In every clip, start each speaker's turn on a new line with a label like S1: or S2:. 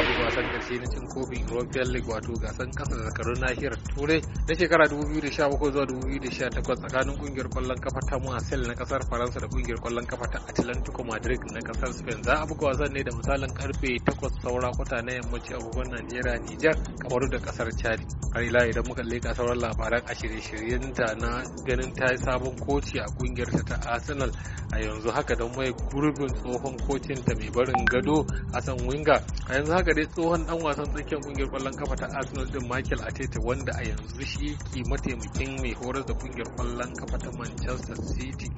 S1: Abu wasan karshe na cin kofin European League wato gasan kasa zakarun nahiyar Turai na shekara 2017 zuwa 2018 tsakanin kungiyar kwallon kafa ta Marseille na kasar Faransa da kungiyar kwallon kafa ta Atlantico Madrid na kasar Spain za a buga wasan ne da misalin karfe 8 saura kwata na yammaci abubuwan Najeriya Nijar kamaru da kasar Chad har ila idan muka leka sauran labaran a shirye-shiryen ta na ganin ta yi sabon koci a kungiyar ta Arsenal a yanzu haka don mai gurbin tsohon kocin ta mai barin gado Hassan Winga a yanzu haka haka dai tsohon dan wasan tsakiyar kungiyar kwallon kafa ta Arsenal din Michael Arteta wanda a yanzu shi yake mataimakin mai horar da kungiyar kwallon kafa ta Manchester City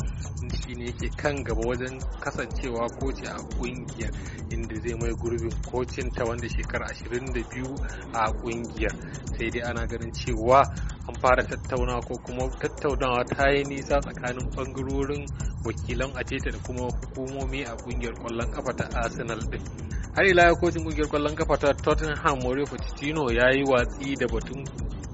S1: shine yake kan gaba wajen kasancewa koci a kungiyar inda zai mai gurbin kocin ta wanda shekara 22 a kungiyar sai dai ana ganin cewa an fara tattaunawa ko kuma tattaunawa ta yi nisa tsakanin bangarorin wakilan Arteta da kuma hukumomi a kungiyar kwallon kafa ta Arsenal din har ila ya kocin kungiyar kwallon kafa ta tottenham mario pochettino ya yi watsi da batun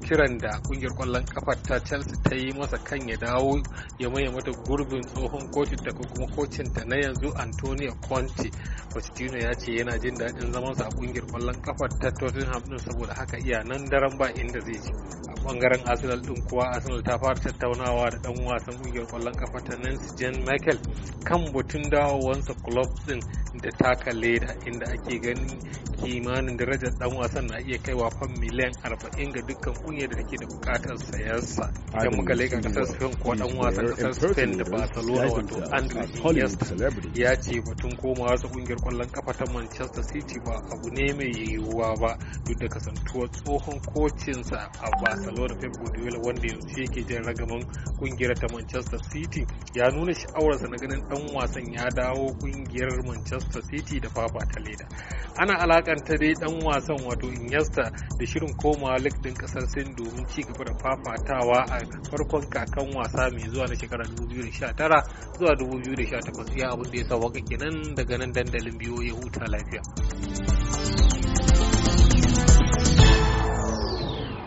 S1: kiran da kungiyar kwallon kafa ta chelsea ta yi masa kan ya dawo ya maye mata gurbin tsohon kocin ta kuma kocin ta na yanzu antonio conte pochettino ya ce yana jin daɗin zamansa a kungiyar kwallon kafa ta tottenham din saboda haka iya nan daren ba inda zai ci a bangaren arsenal din kuwa arsenal ta fara tattaunawa da dan wasan kungiyar kwallon kafa ta nancy jane michael kan batun dawowansa club din da taka leda inda ake ganin kimanin darajar dan wasan na iya kaiwa fan miliyan 40 ga dukkan kunya da take da bukatar sayarsa. idan muka leka kasar Spain ko dan wasan kasar Spain da Barcelona wato Andres Iniesta ya ce batun koma wasu kungiyar kwallon kafa ta Manchester City ba abu ne mai yiwuwa ba duk da kasantuwar tsohon kocinsa a Barcelona Pep Guardiola wanda yanzu yake jan ragaman kungiyar ta Manchester City ya nuna sha'awarsa na ganin dan wasan ya dawo kungiyar Manchester Manchester City da ta leda. Ana alakanta dai dan wasan wato Iniesta da shirin komawa lig din kasar Sin domin ci gaba da fafatawa a farkon kakan wasa mai zuwa na shekarar 2019 zuwa 2018 ya abin da ya sa waka kenan daga nan dandalin biyo ya huta lafiya.